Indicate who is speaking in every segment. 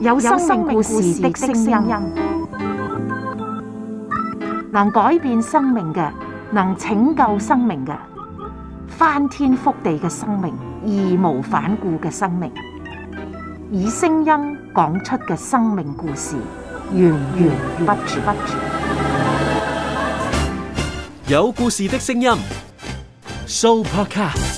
Speaker 1: 有生命故事的聲音，能改變生命嘅，能拯救生命嘅，翻天覆地嘅生命，義無反顧嘅生命，以聲音講出嘅生命故事，源源不絕。有故事的聲音，Soupercast。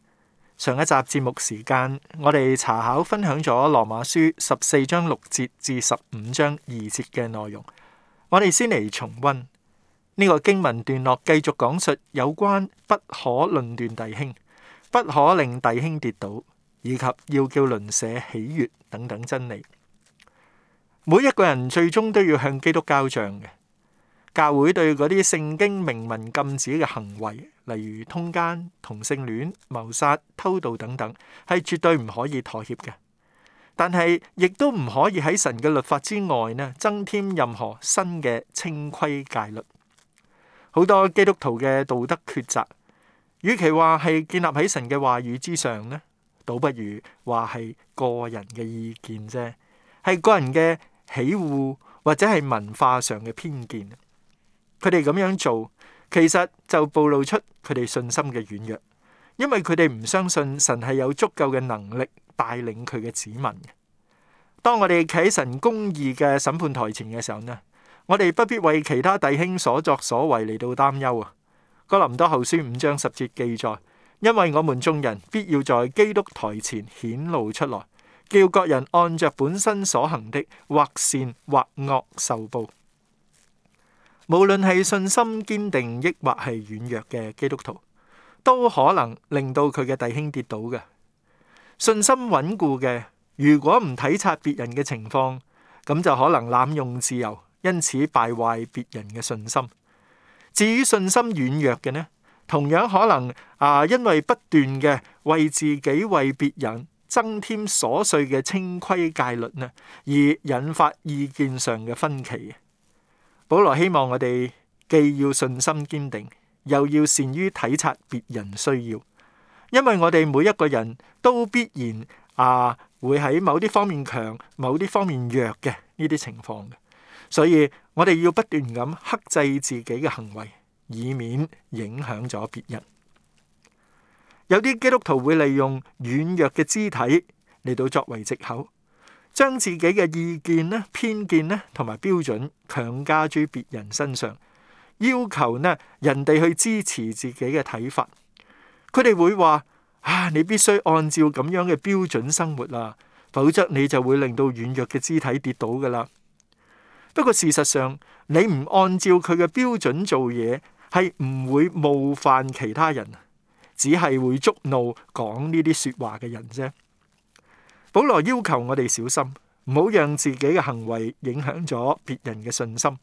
Speaker 1: 上一集節目時間，我哋查考分享咗羅馬書十四章六節至十五章二節嘅內容。我哋先嚟重溫呢、這個經文段落，繼續講述有關不可論斷弟兄、不可令弟兄跌倒，以及要叫鄰舍喜悅等等真理。每一個人最終都要向基督交賬嘅。教會對嗰啲聖經明文禁止嘅行為，例如通姦、同性戀、謀殺、偷盜等等，係絕對唔可以妥協嘅。但係亦都唔可以喺神嘅律法之外呢，增添任何新嘅清規戒律。好多基督徒嘅道德抉擇，與其話係建立喺神嘅話語之上呢，倒不如話係個人嘅意見啫，係個人嘅喜惡或者係文化上嘅偏見。佢哋咁樣做，其實就暴露出佢哋信心嘅軟弱，因為佢哋唔相信神係有足夠嘅能力帶領佢嘅子民。當我哋企喺神公義嘅審判台前嘅時候呢，我哋不必為其他弟兄所作所為嚟到擔憂啊！哥林多後書五章十節記載：因為我們眾人必要在基督台前顯露出來，叫各人按着本身所行的，或善或惡受報。無論係信心堅定抑或係軟弱嘅基督徒，都可能令到佢嘅弟兄跌倒嘅。信心穩固嘅，如果唔體察別人嘅情況，咁就可能濫用自由，因此敗壞別人嘅信心。至於信心軟弱嘅呢，同樣可能啊，因為不斷嘅為自己為別人增添瑣碎嘅清規戒律呢，而引發意見上嘅分歧。保羅希望我哋既要信心堅定，又要善於體察別人需要，因為我哋每一個人都必然啊會喺某啲方面強，某啲方面弱嘅呢啲情況，所以我哋要不斷咁克制自己嘅行為，以免影響咗別人。有啲基督徒會利用軟弱嘅肢體嚟到，作為借口。將自己嘅意見咧、偏見咧，同埋標準強加於別人身上，要求呢人哋去支持自己嘅睇法。佢哋會話：啊，你必須按照咁樣嘅標準生活啦，否則你就會令到軟弱嘅肢體跌倒噶啦。不過事實上，你唔按照佢嘅標準做嘢，係唔會冒犯其他人，只係會觸怒講呢啲說話嘅人啫。保羅要求我哋小心，唔好讓自己嘅行為影響咗別人嘅信心。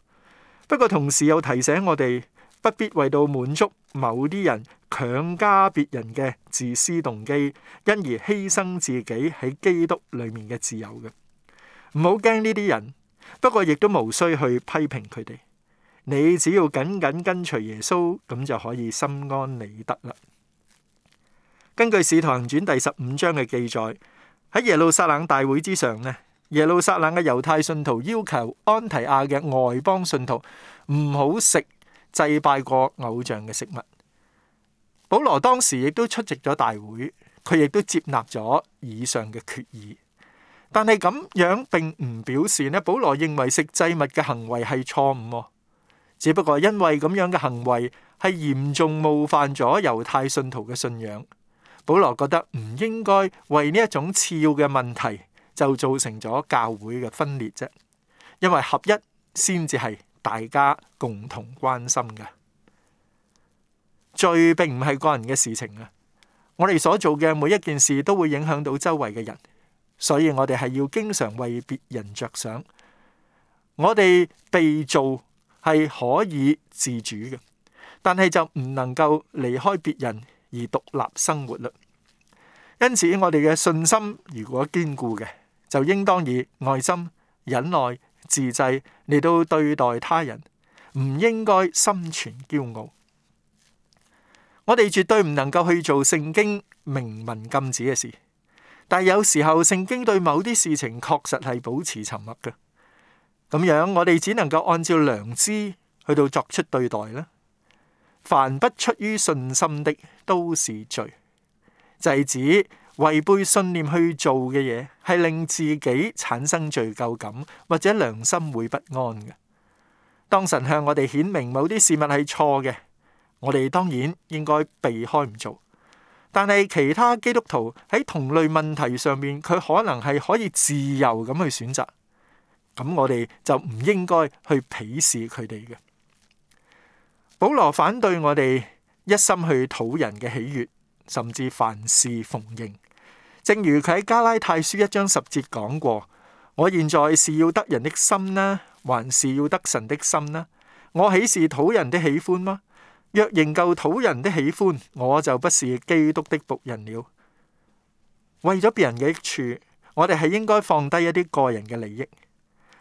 Speaker 1: 不過同時又提醒我哋，不必為到滿足某啲人強加別人嘅自私動機，因而犧牲自己喺基督裏面嘅自由嘅。唔好驚呢啲人，不過亦都無需去批評佢哋。你只要緊緊跟隨耶穌，咁就可以心安理得啦。根據《使徒行傳》第十五章嘅記載。喺耶路撒冷大會之上呢，耶路撒冷嘅猶太信徒要求安提亞嘅外邦信徒唔好食祭拜過偶像嘅食物。保羅當時亦都出席咗大會，佢亦都接納咗以上嘅決議。但係咁樣並唔表示呢，保羅認為食祭物嘅行為係錯誤。只不過因為咁樣嘅行為係嚴重冒犯咗猶太信徒嘅信仰。保羅覺得唔應該為呢一種次要嘅問題就造成咗教會嘅分裂啫，因為合一先至係大家共同關心嘅。罪並唔係個人嘅事情啊！我哋所做嘅每一件事都會影響到周圍嘅人，所以我哋係要經常為別人着想。我哋被造係可以自主嘅，但係就唔能夠離開別人。而獨立生活率，因此我哋嘅信心如果堅固嘅，就應當以愛心、忍耐、自制嚟到對待他人，唔應該心存驕傲。我哋絕對唔能夠去做聖經明文禁止嘅事，但有時候聖經對某啲事情確實係保持沉默嘅，咁樣我哋只能夠按照良知去到作出對待啦。凡不出於信心的都是罪，就係指違背信念去做嘅嘢，係令自己產生罪疚感或者良心會不安嘅。當神向我哋顯明某啲事物係錯嘅，我哋當然應該避開唔做。但係其他基督徒喺同類問題上面，佢可能係可以自由咁去選擇，咁我哋就唔應該去鄙視佢哋嘅。保羅反對我哋一心去討人嘅喜悅，甚至凡事逢迎。正如佢喺加拉太書一章十節講過：我現在是要得人的心呢，還是要得神的心呢？我豈是討人的喜歡嗎？若仍舊討人的喜歡，我就不是基督的僕人了。為咗別人嘅益處，我哋係應該放低一啲個人嘅利益。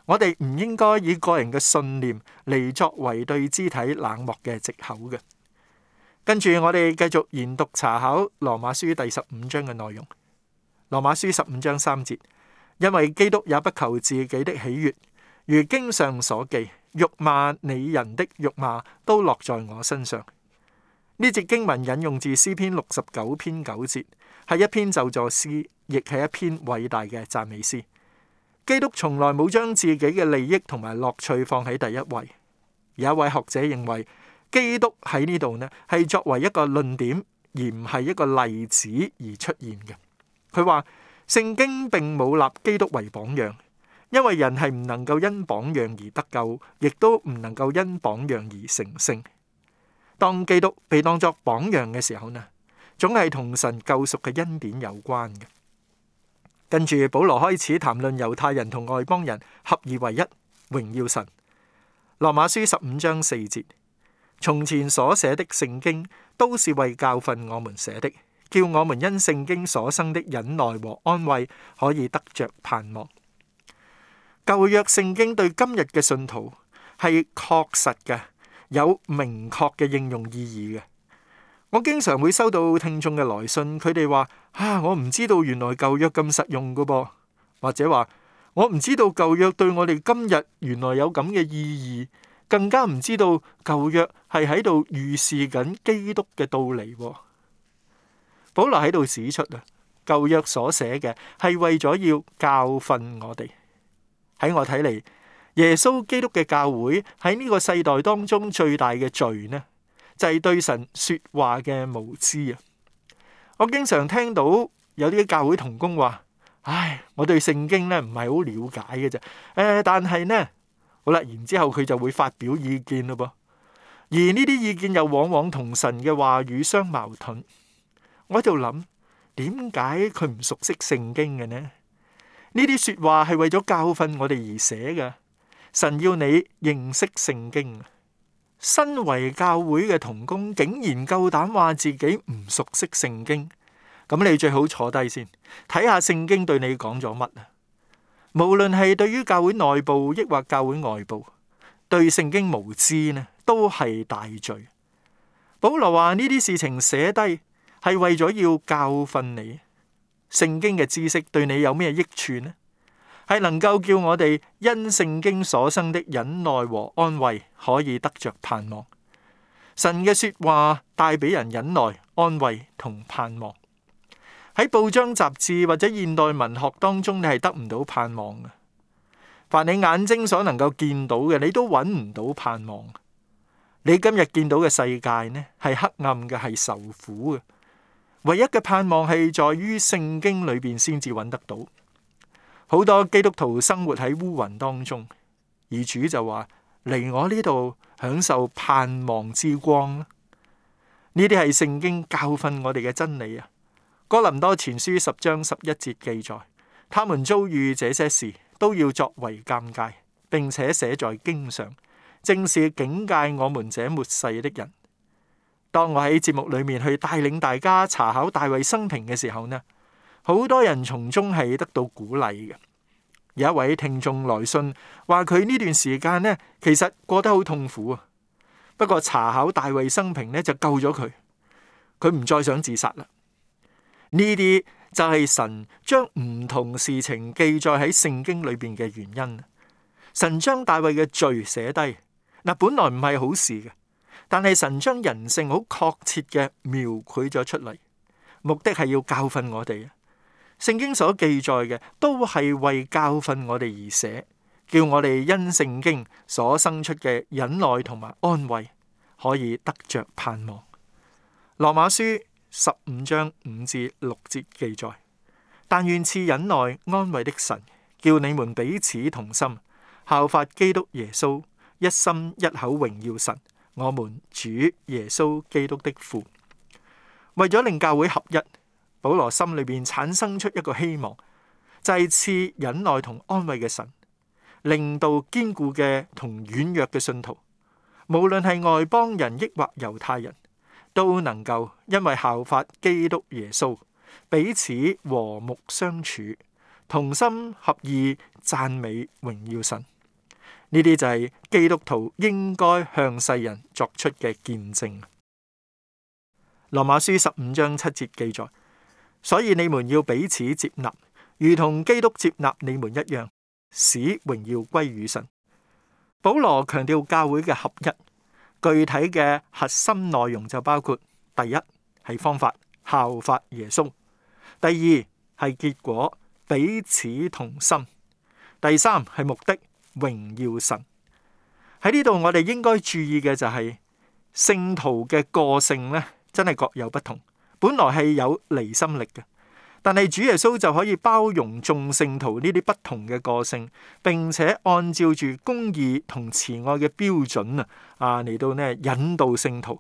Speaker 1: 我哋唔應該以個人嘅信念嚟，作為對肢體冷漠嘅借口嘅。跟住我哋繼續研讀查考羅馬書第十五章嘅內容。羅馬書十五章三節，因為基督也不求自己的喜悅，如經上所記，辱罵你人的辱罵都落在我身上。呢節經文引用自詩篇六十九篇九節，係一篇咒詛詩，亦係一篇偉大嘅讚美詩。基督從來冇將自己嘅利益同埋樂趣放喺第一位。有一位學者認為，基督喺呢度呢係作為一個論點，而唔係一個例子而出現嘅。佢話聖經並冇立基督為榜樣，因為人係唔能夠因榜樣而得救，亦都唔能夠因榜樣而成聖。當基督被當作榜樣嘅時候呢，總係同神救贖嘅恩典有關嘅。跟住保羅開始談論猶太人同外邦人合二為一，榮耀神。羅馬書十五章四節：從前所寫的聖經，都是為教訓我們寫的，叫我們因聖經所生的忍耐和安慰，可以得着盼望。舊約聖經對今日嘅信徒係確實嘅，有明確嘅應用意義嘅。我經常會收到聽眾嘅來信，佢哋話：啊，我唔知道原來舊約咁實用噶噃，或者話我唔知道舊約對我哋今日原來有咁嘅意義，更加唔知道舊約係喺度預示緊基督嘅到嚟。保羅喺度指出啊，舊約所寫嘅係為咗要教訓我哋。喺我睇嚟，耶穌基督嘅教會喺呢個世代當中最大嘅罪呢？就係對神說話嘅無知啊！我經常聽到有啲教會同工話：唉，我對聖經咧唔係好了解嘅啫。誒，但係咧，好啦，然之後佢就會發表意見咯噃。而呢啲意見又往往同神嘅話語相矛盾。我喺度諗，點解佢唔熟悉聖經嘅呢？呢啲說話係為咗教訓我哋而寫嘅。神要你認識聖經。身為教會嘅同工，竟然夠膽話自己唔熟悉聖經，咁你最好坐低先，睇下聖經對你講咗乜啊！無論係對於教會內部，抑或教會外部，對聖經無知呢，都係大罪。保羅話呢啲事情寫低，係為咗要教訓你。聖經嘅知識對你有咩益處呢？係能夠叫我哋因聖經所生的忍耐和安慰，可以得着盼望。神嘅說話帶俾人忍耐、安慰同盼望。喺報章雜誌或者現代文學當中，你係得唔到盼望嘅。凡你眼睛所能夠見到嘅，你都搵唔到盼望。你今日見到嘅世界呢，係黑暗嘅，係受苦嘅。唯一嘅盼望係在於聖經裏邊先至搵得到。好多基督徒生活喺烏雲當中，而主就話，嚟我呢度享受盼望之光。呢啲係聖經教訓我哋嘅真理啊！哥林多前書十章十一節記載，他們遭遇這些事，都要作為鑒戒，並且寫在經上，正是警戒我們這末世的人。當我喺節目裡面去帶領大家查考大衛生平嘅時候呢，好多人從中係得到鼓勵嘅。有一位聽眾來信話佢呢段時間呢，其實過得好痛苦啊。不過查考大衛生平呢，就救咗佢，佢唔再想自殺啦。呢啲就係神將唔同事情記載喺聖經裏邊嘅原因。神將大衛嘅罪寫低嗱，本來唔係好事嘅，但係神將人性好確切嘅描繪咗出嚟，目的係要教訓我哋。聖經所記載嘅，都係為教訓我哋而寫，叫我哋因聖經所生出嘅忍耐同埋安慰，可以得着盼望。羅馬書十五章五至六節記載：但願賜忍耐、安慰的神，叫你們彼此同心，效法基督耶穌，一心一口榮耀神，我們主耶穌基督的父。為咗令教會合一。保羅心裏邊產生出一個希望，就係賜忍耐同安慰嘅神，令到堅固嘅同軟弱嘅信徒，無論係外邦人抑或猶太人都能夠因為效法基督耶穌，彼此和睦相處，同心合意讚美榮耀神。呢啲就係基督徒應該向世人作出嘅見證。羅馬書十五章七節記載。所以你們要彼此接納，如同基督接納你們一樣，使榮耀歸於神。保羅強調教會嘅合一，具體嘅核心內容就包括：第一係方法，效法耶穌；第二係結果，彼此同心；第三係目的，榮耀神。喺呢度，我哋應該注意嘅就係、是、聖徒嘅個性呢，真係各有不同。本來係有離心力嘅，但係主耶穌就可以包容眾聖徒呢啲不同嘅個性，並且按照住公義同慈愛嘅標準啊，啊嚟到咧引導聖徒。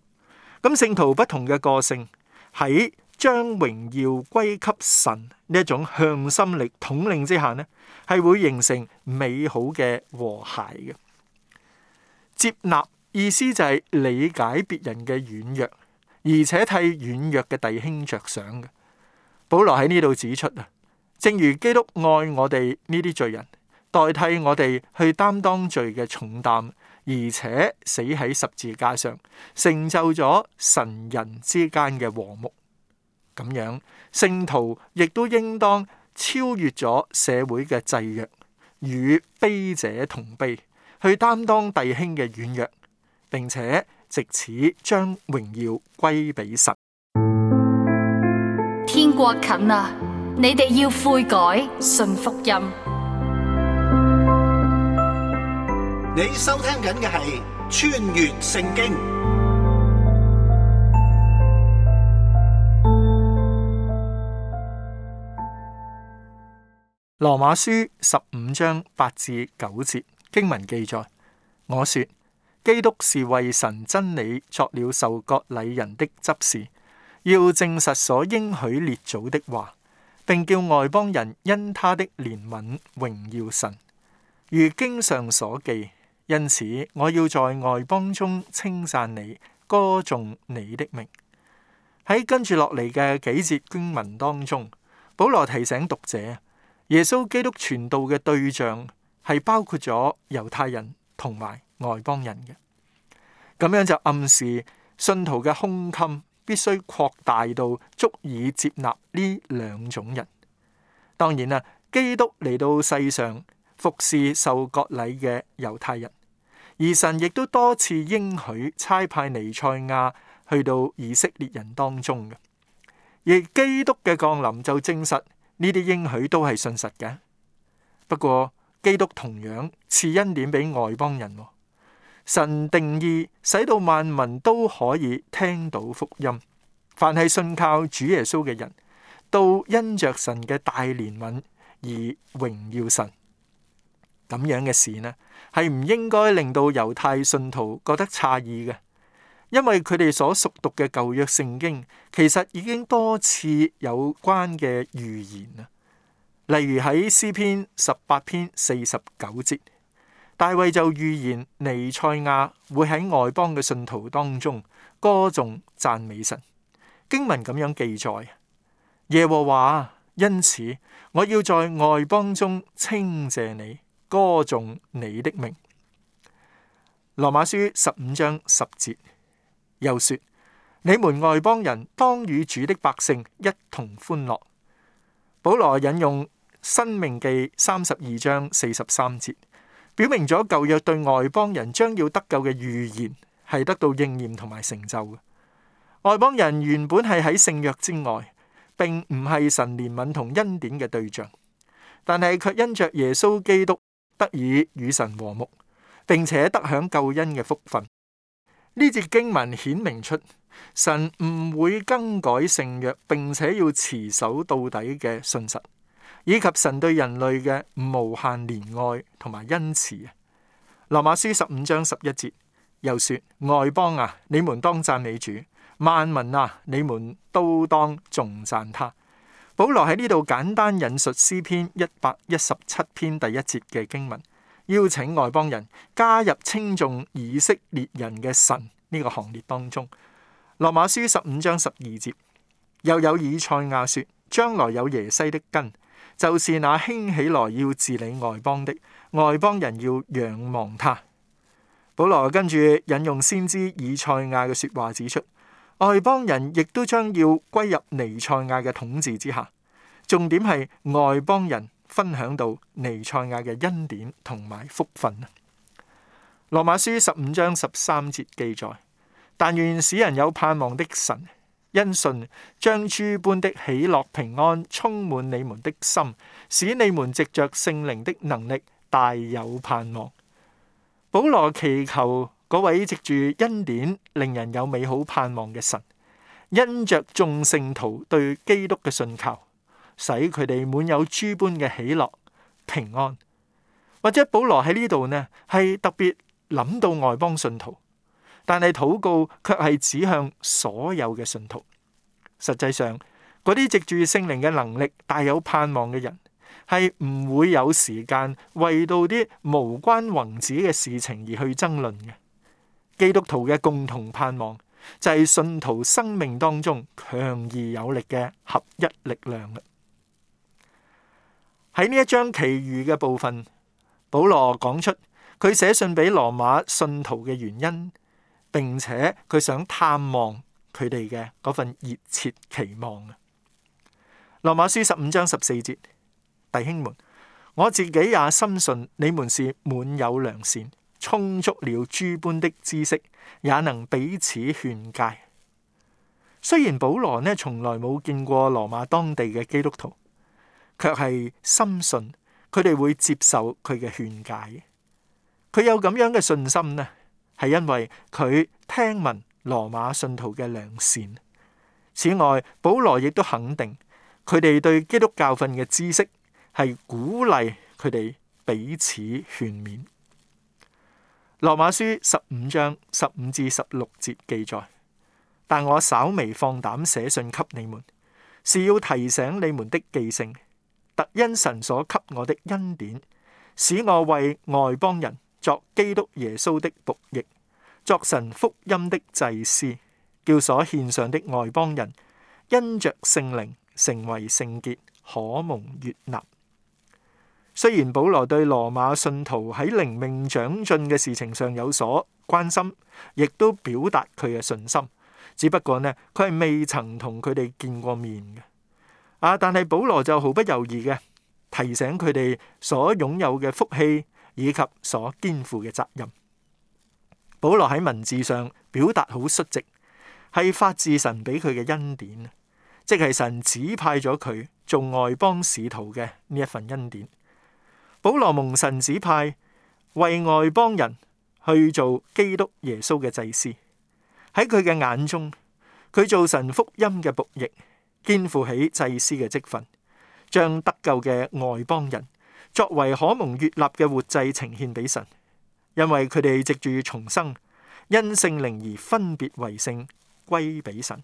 Speaker 1: 咁、嗯、聖徒不同嘅個性喺將榮耀歸給神呢一種向心力統領之下咧，係會形成美好嘅和諧嘅接納。意思就係理解別人嘅軟弱。而且替軟弱嘅弟兄着想嘅，保羅喺呢度指出啊，正如基督愛我哋呢啲罪人，代替我哋去擔當罪嘅重擔，而且死喺十字架上，成就咗神人之間嘅和睦。咁樣，聖徒亦都應當超越咗社會嘅制約，與悲者同悲，去擔當弟兄嘅軟弱，並且。藉此將榮耀歸俾神。天國近啦，你哋要悔改，信福音。你收聽緊嘅係《穿越聖經》。羅馬書十五章八至九節經文記載：我說。基督是為神真理作了受割禮人的執事，要證實所應許列祖的話，並叫外邦人因他的憐憫榮耀神。如經上所記，因此我要在外邦中稱讚你，歌頌你的名。喺跟住落嚟嘅幾節經文當中，保羅提醒讀者，耶穌基督傳道嘅對象係包括咗猶太人同埋外邦人嘅，咁樣就暗示信徒嘅胸襟必須擴大到足以接納呢兩種人。當然啦，基督嚟到世上服侍受割禮嘅猶太人，而神亦都多次應許差派彌賽亞去到以色列人當中嘅。而基督嘅降臨就證實呢啲應許都係信實嘅。不過，基督同樣賜恩典俾外邦人。神定義使到萬民都可以聽到福音，凡係信靠主耶穌嘅人，都因着神嘅大憐憫而榮耀神。咁樣嘅事呢，係唔應該令到猶太信徒覺得詫異嘅，因為佢哋所熟讀嘅舊約聖經，其實已經多次有關嘅預言啊，例如喺詩篇十八篇四十九節。大衛就預言彌賽亞會喺外邦嘅信徒當中歌頌讚美神。經文咁樣記載：耶和華因此我要在外邦中稱謝你，歌頌你的名。羅馬書十五章十節又說：你們外邦人當與主的百姓一同歡樂。保羅引用申命記三十二章四十三節。表明咗舊約對外邦人將要得救嘅預言係得到應驗同埋成就嘅。外邦人原本係喺聖約之外，並唔係神憐憫同恩典嘅對象，但係卻因着耶穌基督得以與神和睦，並且得享救恩嘅福分。呢節經文顯明出，神唔會更改聖約，並且要持守到底嘅信實。以及神對人類嘅無限憐愛同埋恩慈啊。羅馬書十五章十一節又說：外邦啊，你們當讚美主；萬民啊，你們都當頌讚他。保羅喺呢度簡單引述詩篇一百一十七篇第一節嘅經文，邀請外邦人加入稱頌以色列人嘅神呢個行列當中。羅馬書十五章十二節又有以賽亞說：將來有耶西的根。就是那興起來要治理外邦的，外邦人要仰望他。保羅跟住引用先知以賽亞嘅說話，指出外邦人亦都將要歸入彌賽亞嘅統治之下。重點係外邦人分享到彌賽亞嘅恩典同埋福分啊。羅馬書十五章十三節記載：但願使人有盼望的神。因信將諸般的喜樂平安充滿你們的心，使你們藉着聖靈的能力大有盼望。保羅祈求嗰位藉住恩典令人有美好盼望嘅神，因着眾聖徒對基督嘅信靠，使佢哋滿有諸般嘅喜樂平安。或者保羅喺呢度呢，係特別諗到外邦信徒。但係禱告卻係指向所有嘅信徒。實際上，嗰啲藉住聖靈嘅能力、大有盼望嘅人，係唔會有時間為到啲無關宏旨嘅事情而去爭論嘅。基督徒嘅共同盼望就係、是、信徒生命當中強而有力嘅合一力量。喺呢一章其餘嘅部分，保羅講出佢寫信俾羅馬信徒嘅原因。並且佢想探望佢哋嘅嗰份熱切期望。羅馬書十五章十四節，弟兄們，我自己也深信你們是滿有良善，充足了諸般的知識，也能彼此勸戒。雖然保羅呢從來冇見過羅馬當地嘅基督徒，卻係深信佢哋會接受佢嘅勸解。佢有咁樣嘅信心呢？係因為佢聽聞羅馬信徒嘅良善。此外，保羅亦都肯定佢哋對基督教訓嘅知識，係鼓勵佢哋彼此勸勉。羅馬書十五章十五至十六節記載：「但我稍微放膽寫信給你們，是要提醒你們的記性，特因神所給我的恩典，使我為外邦人。作基督耶穌的僕役，作神福音的祭司，叫所獻上的外邦人因着聖靈成為聖潔，可蒙悦納。雖然保羅對羅馬信徒喺靈命長進嘅事情上有所關心，亦都表達佢嘅信心，只不過呢，佢係未曾同佢哋見過面嘅。啊！但係保羅就毫不猶豫嘅提醒佢哋所擁有嘅福氣。以及所肩負嘅責任，保羅喺文字上表達好率直，係發自神俾佢嘅恩典，即係神指派咗佢做外邦使徒嘅呢一份恩典。保羅蒙神指派，為外邦人去做基督耶穌嘅祭司。喺佢嘅眼中，佢做神福音嘅僕役，肩負起祭司嘅職分，將得救嘅外邦人，作為可蒙悅納嘅活祭呈獻俾神，因為佢哋藉住重生，因聖靈而分別為聖，歸俾神。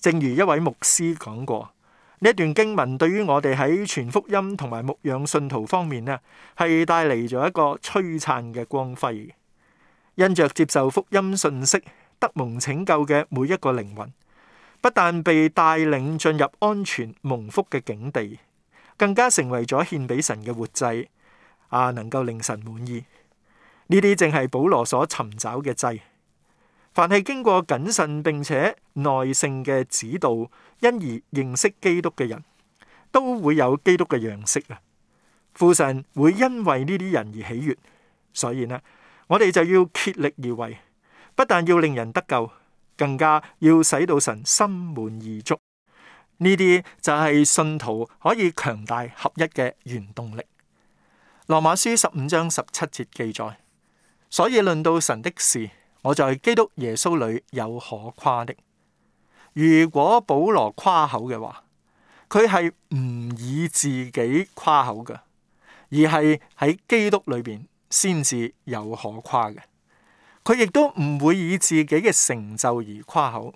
Speaker 1: 正如一位牧師講過，呢段經文對於我哋喺傳福音同埋牧養信徒方面呢，係帶嚟咗一個璀璨嘅光輝。因着接受福音信息得蒙拯救嘅每一個靈魂，不但被帶領進入安全蒙福嘅境地。更加成為咗獻俾神嘅活祭，啊，能夠令神滿意。呢啲正係保羅所尋找嘅祭。凡係經過謹慎並且耐性嘅指導，因而認識基督嘅人，都會有基督嘅樣式啊！父神會因為呢啲人而喜悅，所以呢，我哋就要竭力而為，不但要令人得救，更加要使到神心滿意足。呢啲就係信徒可以強大合一嘅原動力。羅馬書十五章十七節記載，所以論到神的事，我在基督耶穌裏有可誇的。如果保羅誇口嘅話，佢係唔以自己誇口嘅，而係喺基督裏邊先至有可誇嘅。佢亦都唔會以自己嘅成就而誇口，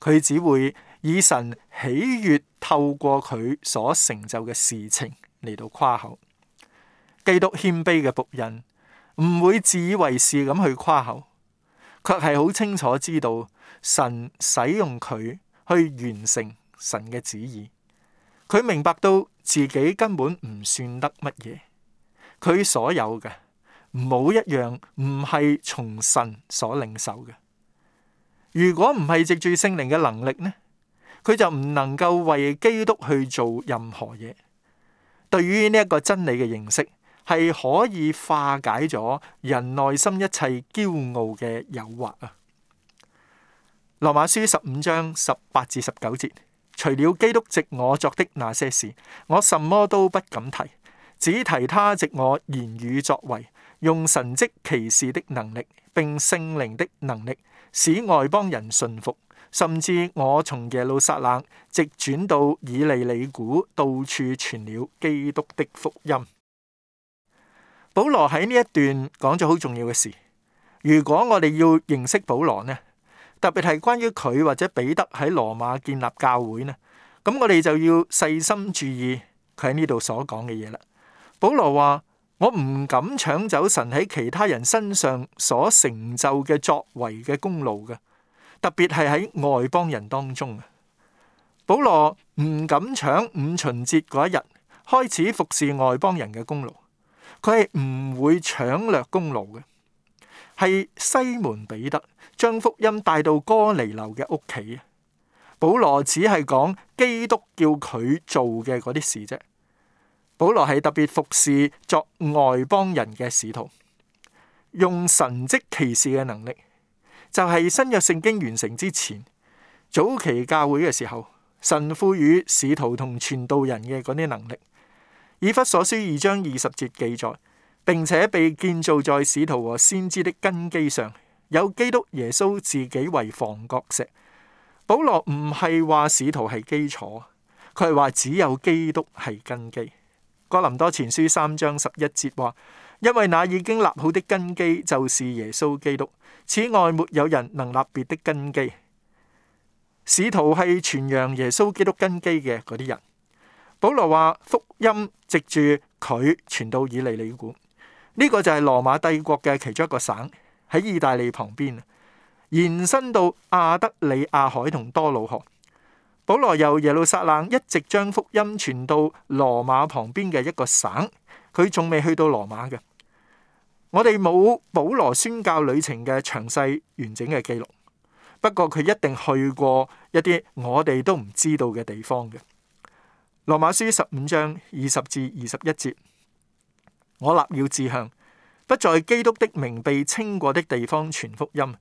Speaker 1: 佢只會，以神喜悅透過佢所成就嘅事情嚟到誇口，基督謙卑嘅僕人唔會自以為是咁去誇口，卻係好清楚知道神使用佢去完成神嘅旨意。佢明白到自己根本唔算得乜嘢，佢所有嘅冇一樣唔係從神所領受嘅。如果唔係藉住聖靈嘅能力呢，佢就唔能夠為基督去做任何嘢。對於呢一個真理嘅認識，係可以化解咗人內心一切驕傲嘅誘惑啊！羅馬書十五章十八至十九節：除了基督藉我作的那些事，我什麼都不敢提，只提他藉我言語作為，用神蹟奇事的能力，並聖靈的能力，使外邦人順服。甚至我從耶路撒冷直轉到以利利古，到處傳了基督的福音。保羅喺呢一段講咗好重要嘅事。如果我哋要認識保羅呢，特別係關於佢或者彼得喺羅馬建立教會呢，咁我哋就要細心注意佢喺呢度所講嘅嘢啦。保羅話，我唔敢搶走神喺其他人身上所成就嘅作為嘅功勞嘅。特別係喺外邦人當中，啊，保羅唔敢搶五旬節嗰一日開始服侍外邦人嘅功勞，佢係唔會搶掠功勞嘅，係西門彼得將福音帶到哥尼流嘅屋企。保羅只係講基督叫佢做嘅嗰啲事啫。保羅係特別服侍作外邦人嘅使徒，用神蹟奇事嘅能力。就係新約聖經完成之前，早期教會嘅時候，神賦予使徒同傳道人嘅嗰啲能力，以弗所書二章二十節記載，並且被建造在使徒和先知的根基上，有基督耶穌自己為房角石。保羅唔係話使徒係基礎，佢係話只有基督係根基。哥林多前書三章十一節話。因為那已經立好的根基就是耶穌基督，此外沒有人能立別的根基。使徒係傳揚耶穌基督根基嘅嗰啲人。保羅話：福音藉住佢傳到以利里古，呢個就係羅馬帝國嘅其中一個省，喺意大利旁邊，延伸到亞得里亞海同多瑙河。保羅由耶路撒冷一直將福音傳到羅馬旁邊嘅一個省。佢仲未去到羅馬嘅，我哋冇保羅宣教旅程嘅詳細完整嘅記錄。不過佢一定去過一啲我哋都唔知道嘅地方嘅。羅馬書十五章二十至二十一節，我立了志向，不在基督的名被稱過的地方傳福音，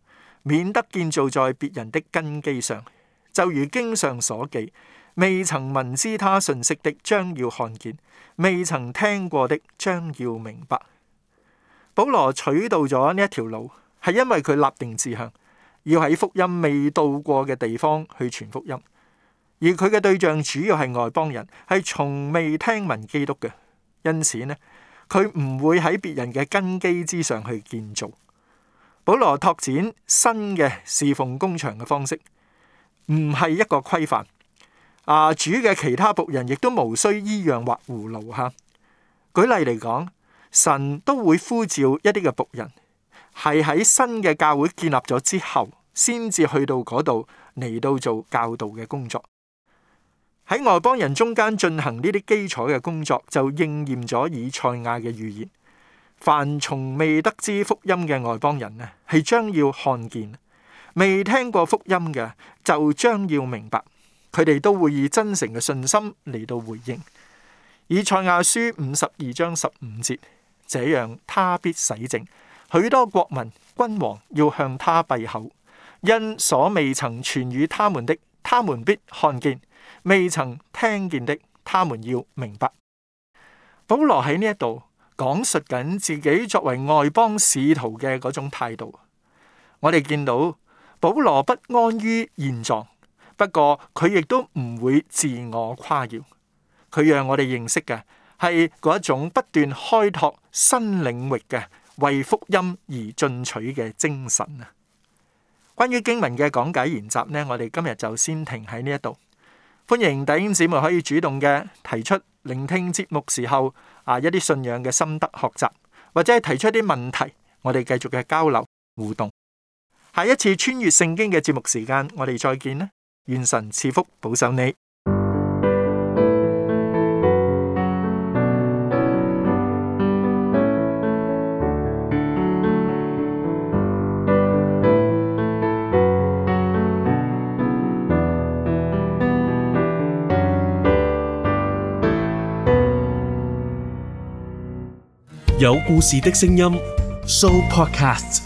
Speaker 1: 免得建造在別人的根基上。就如經上所記。未曾聞知他信息的，將要看見；未曾聽過的，將要明白。保羅取道咗呢一條路，係因為佢立定志向，要喺福音未到過嘅地方去傳福音。而佢嘅對象主要係外邦人，係從未聽聞基督嘅，因此呢佢唔會喺別人嘅根基之上去建造。保羅拓展新嘅侍奉工場嘅方式，唔係一個規範。阿、啊、主嘅其他僕人亦都無需依樣畫葫蘆吓、啊。舉例嚟講，神都會呼召一啲嘅僕人，係喺新嘅教會建立咗之後，先至去到嗰度嚟到做教導嘅工作。喺外邦人中間進行呢啲基礎嘅工作，就應驗咗以賽亞嘅預言。凡從未得知福音嘅外邦人呢，係將要看見；未聽過福音嘅，就將要明白。佢哋都會以真誠嘅信心嚟到回應，以賽亞書五十二章十五節，這樣他必洗淨，許多國民君王要向他閉口，因所未曾傳與他們的，他們必看見；未曾聽見的，他們要明白。保羅喺呢一度講述緊自己作為外邦使徒嘅嗰種態度。我哋見到保羅不安於現狀。不過佢亦都唔會自我誇耀，佢讓我哋認識嘅係嗰一種不斷開拓新領域嘅為福音而進取嘅精神啊！關於經文嘅講解研習呢，我哋今日就先停喺呢一度。歡迎弟兄姊妹可以主動嘅提出聆聽節目時候啊一啲信仰嘅心得學習，或者係提出啲問題，我哋繼續嘅交流互動。下一次穿越聖經嘅節目時間，我哋再見啦！願神賜福保守你。有故事的聲音，Show Podcast。